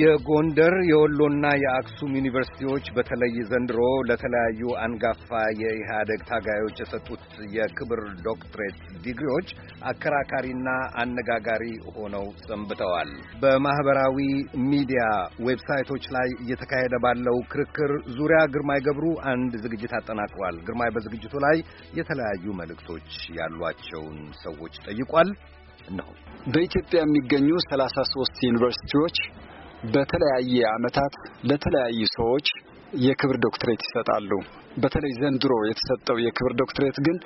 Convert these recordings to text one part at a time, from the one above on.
የጎንደር የወሎና የአክሱም ዩኒቨርሲቲዎች በተለይ ዘንድሮ ለተለያዩ አንጋፋ የኢህአደግ ታጋዮች የሰጡት የክብር ዶክትሬት ዲግሪዎች አከራካሪና አነጋጋሪ ሆነው ሰንብተዋል። በማህበራዊ ሚዲያ ዌብሳይቶች ላይ እየተካሄደ ባለው ክርክር ዙሪያ ግርማይ ገብሩ አንድ ዝግጅት አጠናቅሯል። ግርማይ በዝግጅቱ ላይ የተለያዩ መልእክቶች ያሏቸውን ሰዎች ጠይቋል። ነው በኢትዮጵያ የሚገኙ 33 ሶስት ዩኒቨርሲቲዎች በተለያየ ዓመታት ለተለያዩ ሰዎች የክብር ዶክትሬት ይሰጣሉ። በተለይ ዘንድሮ የተሰጠው የክብር ዶክትሬት ግን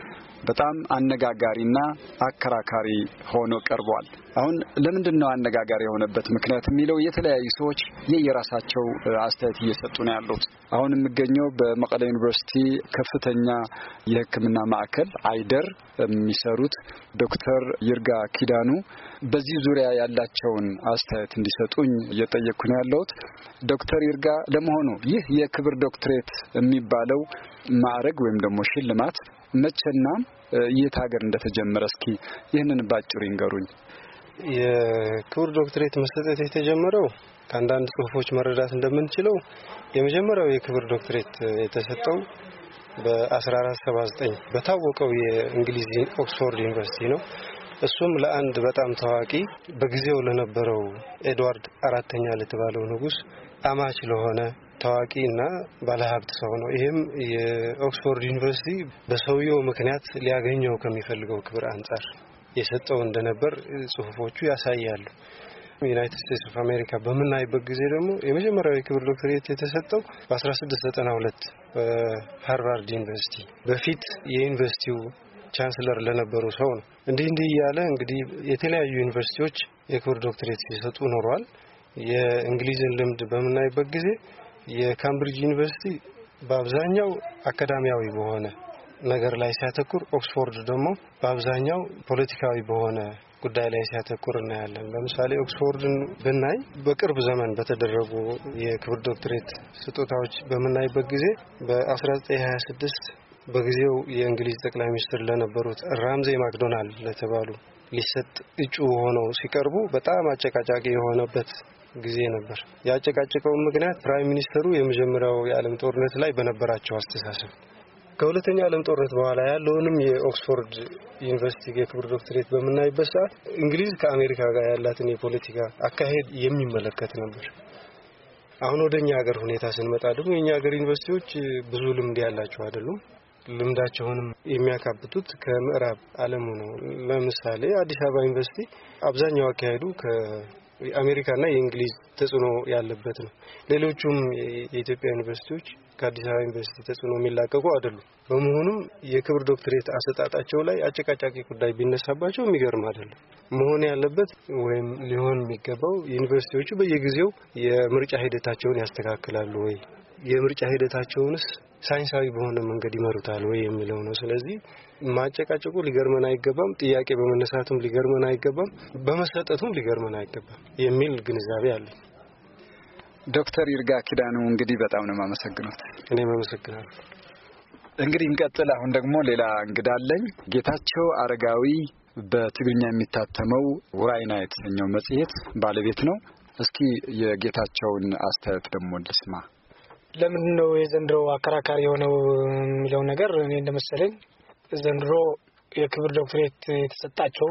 በጣም አነጋጋሪና አከራካሪ ሆኖ ቀርቧል። አሁን ለምንድን ነው አነጋጋሪ የሆነበት ምክንያት የሚለው የተለያዩ ሰዎች የየራሳቸው አስተያየት እየሰጡ ነው ያሉት። አሁን የሚገኘው በመቀለ ዩኒቨርሲቲ ከፍተኛ የሕክምና ማዕከል አይደር የሚሰሩት ዶክተር ይርጋ ኪዳኑ በዚህ ዙሪያ ያላቸውን አስተያየት እንዲሰጡኝ እየጠየቅኩ ነው ያለሁት። ዶክተር ይርጋ ለመሆኑ ይህ የክብር ዶክትሬት የሚባለው ማዕረግ ወይም ደግሞ ሽልማት መቼና የት ሀገር እንደተጀመረ እስኪ ይህንን ባጭሩ ይንገሩኝ። የክቡር ዶክትሬት መሰጠት የተጀመረው ከአንዳንድ ጽሁፎች መረዳት እንደምንችለው የመጀመሪያው የክብር ዶክትሬት የተሰጠው በ1479 በታወቀው የእንግሊዝ ኦክስፎርድ ዩኒቨርሲቲ ነው። እሱም ለአንድ በጣም ታዋቂ በጊዜው ለነበረው ኤድዋርድ አራተኛ ለተባለው ንጉስ አማች ለሆነ ታዋቂ እና ባለሀብት ሰው ነው። ይህም የኦክስፎርድ ዩኒቨርሲቲ በሰውየው ምክንያት ሊያገኘው ከሚፈልገው ክብር አንጻር የሰጠው እንደነበር ጽሁፎቹ ያሳያሉ። ዩናይትድ ስቴትስ ኦፍ አሜሪካ በምናይበት ጊዜ ደግሞ የመጀመሪያዊ ክብር ዶክትሬት የተሰጠው በ1692 በሃርቫርድ ዩኒቨርሲቲ በፊት የዩኒቨርሲቲው ቻንስለር ለነበሩ ሰው ነው። እንዲህ እንዲህ እያለ እንግዲህ የተለያዩ ዩኒቨርሲቲዎች የክብር ዶክትሬት ሲሰጡ ኖሯል። የእንግሊዝን ልምድ በምናይበት ጊዜ የካምብሪጅ ዩኒቨርሲቲ በአብዛኛው አካዳሚያዊ በሆነ ነገር ላይ ሲያተኩር፣ ኦክስፎርድ ደግሞ በአብዛኛው ፖለቲካዊ በሆነ ጉዳይ ላይ ሲያተኩር እናያለን። ለምሳሌ ኦክስፎርድን ብናይ በቅርብ ዘመን በተደረጉ የክብር ዶክትሬት ስጦታዎች በምናይበት ጊዜ በ1926 በጊዜው የእንግሊዝ ጠቅላይ ሚኒስትር ለነበሩት ራምዜ ማክዶናልድ ለተባሉ ሊሰጥ እጩ ሆነው ሲቀርቡ በጣም አጨቃጫቂ የሆነበት ጊዜ ነበር። ያጨቃጨቀውን ምክንያት ፕራይም ሚኒስተሩ የመጀመሪያው የዓለም ጦርነት ላይ በነበራቸው አስተሳሰብ ከሁለተኛው ዓለም ጦርነት በኋላ ያለውንም የኦክስፎርድ ዩኒቨርሲቲ የክብር ዶክትሬት በምናይበት ሰዓት እንግሊዝ ከአሜሪካ ጋር ያላትን የፖለቲካ አካሄድ የሚመለከት ነበር። አሁን ወደ እኛ ሀገር ሁኔታ ስንመጣ ደግሞ የእኛ ሀገር ዩኒቨርሲቲዎች ብዙ ልምድ ያላቸው አይደሉም። ልምዳቸውንም የሚያካብቱት ከምዕራብ ዓለሙ ነው። ለምሳሌ አዲስ አበባ ዩኒቨርሲቲ አብዛኛው አካሄዱ ከአሜሪካና የእንግሊዝ ተጽዕኖ ያለበት ነው። ሌሎቹም የኢትዮጵያ ዩኒቨርሲቲዎች ከአዲስ አበባ ዩኒቨርሲቲ ተጽዕኖ የሚላቀቁ አይደሉም። በመሆኑም የክብር ዶክትሬት አሰጣጣቸው ላይ አጨቃጫቂ ጉዳይ ቢነሳባቸው የሚገርም አይደለም። መሆን ያለበት ወይም ሊሆን የሚገባው ዩኒቨርሲቲዎቹ በየጊዜው የምርጫ ሂደታቸውን ያስተካክላሉ ወይ የምርጫ ሂደታቸውንስ ሳይንሳዊ በሆነ መንገድ ይመሩታል ወይ የሚለው ነው። ስለዚህ ማጨቃጨቁ ሊገርመን አይገባም፣ ጥያቄ በመነሳቱም ሊገርመን አይገባም፣ በመሰጠቱም ሊገርመን አይገባም የሚል ግንዛቤ አለኝ። ዶክተር ይርጋ ኪዳኑ እንግዲህ በጣም ነው የማመሰግነው። እኔም አመሰግናለሁ። እንግዲህ እንቀጥል። አሁን ደግሞ ሌላ እንግዳ አለኝ። ጌታቸው አረጋዊ በትግርኛ የሚታተመው ውራይና የተሰኘው መጽሔት ባለቤት ነው። እስኪ የጌታቸውን አስተያየት ደግሞ ልስማ። ለምንድን ነው የዘንድሮ አከራካሪ የሆነው የሚለው ነገር እኔ እንደመሰለኝ ዘንድሮ የክብር ዶክትሬት የተሰጣቸው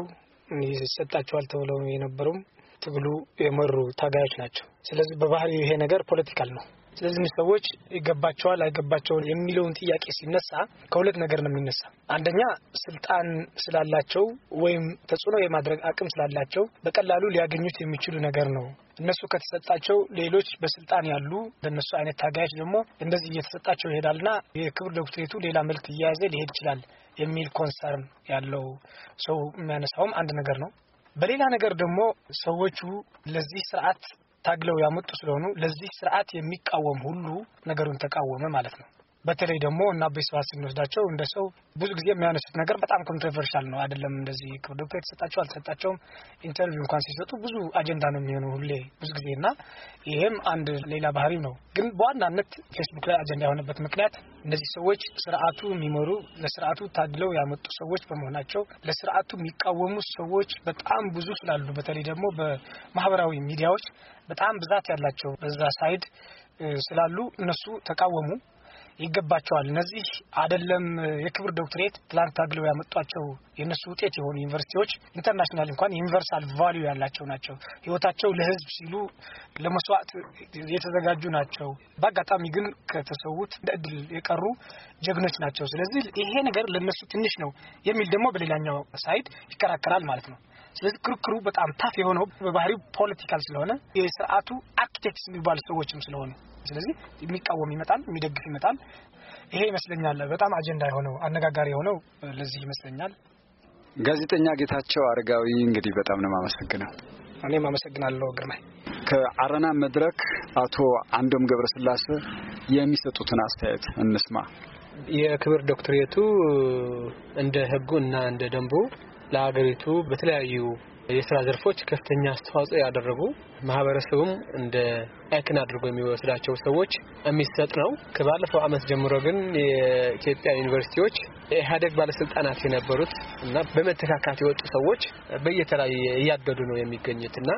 ይሰጣቸዋል ተብለው የነበሩም ትግሉ የመሩ ታጋዮች ናቸው። ስለዚህ በባህሪው ይሄ ነገር ፖለቲካል ነው። ስለዚህ እነዚህ ሰዎች ይገባቸዋል አይገባቸውም የሚለውን ጥያቄ ሲነሳ ከሁለት ነገር ነው የሚነሳ። አንደኛ ስልጣን ስላላቸው ወይም ተጽዕኖ የማድረግ አቅም ስላላቸው በቀላሉ ሊያገኙት የሚችሉ ነገር ነው። እነሱ ከተሰጣቸው ሌሎች በስልጣን ያሉ በእነሱ አይነት ታጋዮች ደግሞ እንደዚህ እየተሰጣቸው ይሄዳልና የክብር ዶክትሬቱ ሌላ መልክ እየያዘ ሊሄድ ይችላል የሚል ኮንሰርን ያለው ሰው የሚያነሳውም አንድ ነገር ነው። በሌላ ነገር ደግሞ ሰዎቹ ለዚህ ስርዓት ታግለው ያመጡ ስለሆኑ ለዚህ ስርዓት የሚቃወም ሁሉ ነገሩን ተቃወመ ማለት ነው። በተለይ ደግሞ እና ቤስባ ስንወስዳቸው እንደ ሰው ብዙ ጊዜ የሚያነሱት ነገር በጣም ኮንትሮቨርሻል ነው። አይደለም እንደዚህ ክብዶፕ የተሰጣቸው አልተሰጣቸውም ኢንተርቪው እንኳን ሲሰጡ ብዙ አጀንዳ ነው የሚሆኑ ሁሌ ብዙ ጊዜ እና ይሄም አንድ ሌላ ባህሪ ነው። ግን በዋናነት ፌስቡክ ላይ አጀንዳ የሆነበት ምክንያት እነዚህ ሰዎች ስርዓቱ የሚመሩ ለስርዓቱ ታድለው ያመጡ ሰዎች በመሆናቸው ለስርዓቱ የሚቃወሙ ሰዎች በጣም ብዙ ስላሉ በተለይ ደግሞ በማህበራዊ ሚዲያዎች በጣም ብዛት ያላቸው በዛ ሳይድ ስላሉ እነሱ ተቃወሙ። ይገባቸዋል። እነዚህ አይደለም የክብር ዶክትሬት ትላንት ታግለው ያመጧቸው የእነሱ ውጤት የሆኑ ዩኒቨርሲቲዎች ኢንተርናሽናል እንኳን ዩኒቨርሳል ቫሊዩ ያላቸው ናቸው። ህይወታቸው ለህዝብ ሲሉ ለመስዋዕት የተዘጋጁ ናቸው። በአጋጣሚ ግን ከተሰዉት እንደ እድል የቀሩ ጀግኖች ናቸው። ስለዚህ ይሄ ነገር ለእነሱ ትንሽ ነው የሚል ደግሞ በሌላኛው ሳይድ ይከራከራል ማለት ነው። ስለዚህ ክርክሩ በጣም ታፍ የሆነው በባህሪው ፖለቲካል ስለሆነ የስርዓቱ አርኪቴክትስ የሚባሉ ሰዎችም ስለሆኑ፣ ስለዚህ የሚቃወም ይመጣል፣ የሚደግፍ ይመጣል። ይሄ ይመስለኛል በጣም አጀንዳ የሆነው አነጋጋሪ የሆነው ለዚህ ይመስለኛል። ጋዜጠኛ ጌታቸው አረጋዊ እንግዲህ በጣም ነው የማመሰግነው። እኔም አመሰግናለሁ ግርማይ። ከአረና መድረክ አቶ አንዶም ገብረስላሴ የሚሰጡትን አስተያየት እንስማ። የክብር ዶክትሬቱ እንደ ህጉ እና እንደ ደንቡ ለሀገሪቱ በተለያዩ የስራ ዘርፎች ከፍተኛ አስተዋጽኦ ያደረጉ ማህበረሰቡም እንደ አይክን አድርጎ የሚወስዳቸው ሰዎች የሚሰጥ ነው። ከባለፈው ዓመት ጀምሮ ግን የኢትዮጵያ ዩኒቨርሲቲዎች የኢህአዴግ ባለስልጣናት የነበሩት እና በመተካካት የወጡ ሰዎች በየተለያየ እያደዱ ነው የሚገኙት እና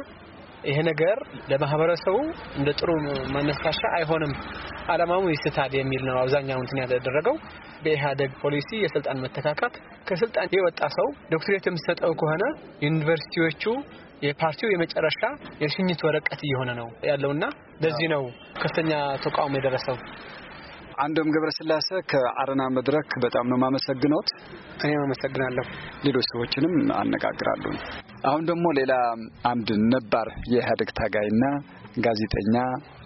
ይሄ ነገር ለማህበረሰቡ እንደ ጥሩ መነሳሻ አይሆንም፣ አላማው ይስታል የሚል ነው አብዛኛው እንትን ያደረገው። በኢህአደግ ፖሊሲ የስልጣን መተካካት ከስልጣን የወጣ ሰው ዶክትሬት የምሰጠው ከሆነ ዩኒቨርሲቲዎቹ የፓርቲው የመጨረሻ የሽኝት ወረቀት እየሆነ ነው ያለውና ለዚህ ነው ከፍተኛ ተቃውሞ የደረሰው። አንዶም ገብረስላሴ ከአረና መድረክ በጣም ነው የማመሰግነው። እኔም አመሰግናለሁ። ሌሎች ሰዎችንም አነጋግራለሁ። አሁን ደግሞ ሌላ አንድ ነባር የኢህአዴግ ታጋይና ጋዜጠኛ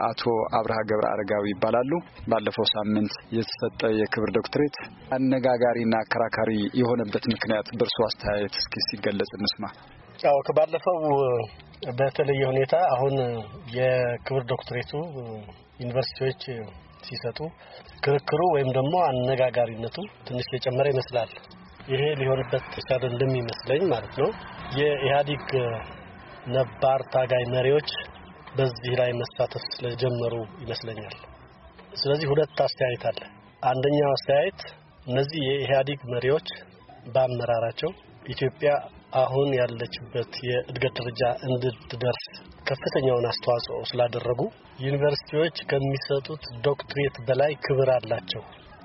አቶ አብርሃ ገብረ አረጋዊ ይባላሉ። ባለፈው ሳምንት የተሰጠ የክብር ዶክትሬት አነጋጋሪና አከራካሪ የሆነበት ምክንያት በእርሱ አስተያየት እስኪ ሲገለጽ እንስማ። ያው ከባለፈው በተለየ ሁኔታ አሁን የክብር ዶክትሬቱ ዩኒቨርሲቲዎች ሲሰጡ ክርክሩ ወይም ደግሞ አነጋጋሪነቱ ትንሽ የጨመረ ይመስላል። ይሄ ሊሆንበት ተቻለ እንደሚመስለኝ ማለት ነው። የኢህአዴግ ነባር ታጋይ መሪዎች በዚህ ላይ መሳተፍ ስለጀመሩ ይመስለኛል። ስለዚህ ሁለት አስተያየት አለ። አንደኛው አስተያየት እነዚህ የኢህአዴግ መሪዎች በአመራራቸው ኢትዮጵያ አሁን ያለችበት የእድገት ደረጃ እንድትደርስ ከፍተኛውን አስተዋጽኦ ስላደረጉ ዩኒቨርሲቲዎች ከሚሰጡት ዶክትሬት በላይ ክብር አላቸው።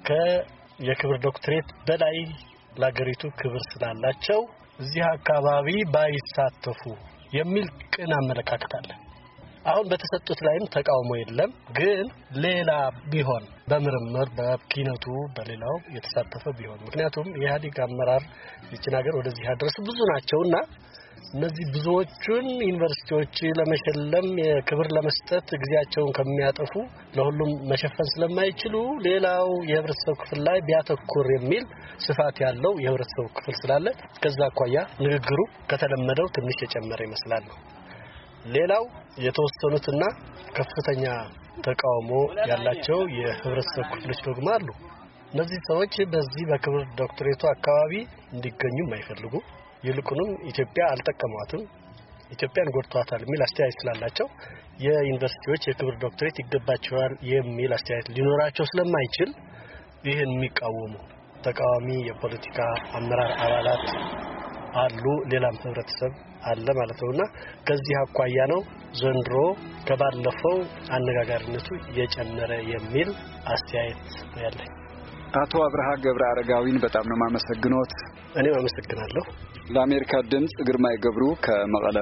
ከየክብር ዶክትሬት በላይ ለሀገሪቱ ክብር ስላላቸው እዚህ አካባቢ ባይሳተፉ የሚል ቅን አመለካከት አለ። አሁን በተሰጡት ላይም ተቃውሞ የለም። ግን ሌላ ቢሆን በምርምር በኪነቱ በሌላው የተሳተፈ ቢሆን ምክንያቱም የኢህአዴግ አመራር ይችን ሀገር ወደዚህ ያደረሱ ብዙ ናቸውና እነዚህ ብዙዎቹን ዩኒቨርሲቲዎች ለመሸለም ክብር ለመስጠት ጊዜያቸውን ከሚያጠፉ ለሁሉም መሸፈን ስለማይችሉ ሌላው የህብረተሰብ ክፍል ላይ ቢያተኩር የሚል ስፋት ያለው የህብረተሰብ ክፍል ስላለ ከዛ አኳያ ንግግሩ ከተለመደው ትንሽ የጨመረ ይመስላል ነው። ሌላው የተወሰኑትና ከፍተኛ ተቃውሞ ያላቸው የህብረተሰብ ክፍሎች ደግሞ አሉ። እነዚህ ሰዎች በዚህ በክብር ዶክትሬቱ አካባቢ እንዲገኙም አይፈልጉ ይልቁንም ኢትዮጵያ አልጠቀሟትም፣ ኢትዮጵያን ጎድቷታል የሚል አስተያየት ስላላቸው የዩኒቨርሲቲዎች የክብር ዶክትሬት ይገባቸዋል የሚል አስተያየት ሊኖራቸው ስለማይችል ይህን የሚቃወሙ ተቃዋሚ የፖለቲካ አመራር አባላት አሉ፣ ሌላም ህብረተሰብ አለ ማለት ነውና ከዚህ አኳያ ነው ዘንድሮ ከባለፈው አነጋጋሪነቱ የጨመረ የሚል አስተያየት ያለኝ። አቶ አብርሃ ገብረ አረጋዊን በጣም ነው የማመሰግኖት። እኔም አመሰግናለሁ። ለአሜሪካ ድምፅ ግርማይ ገብሩ ከመቀለ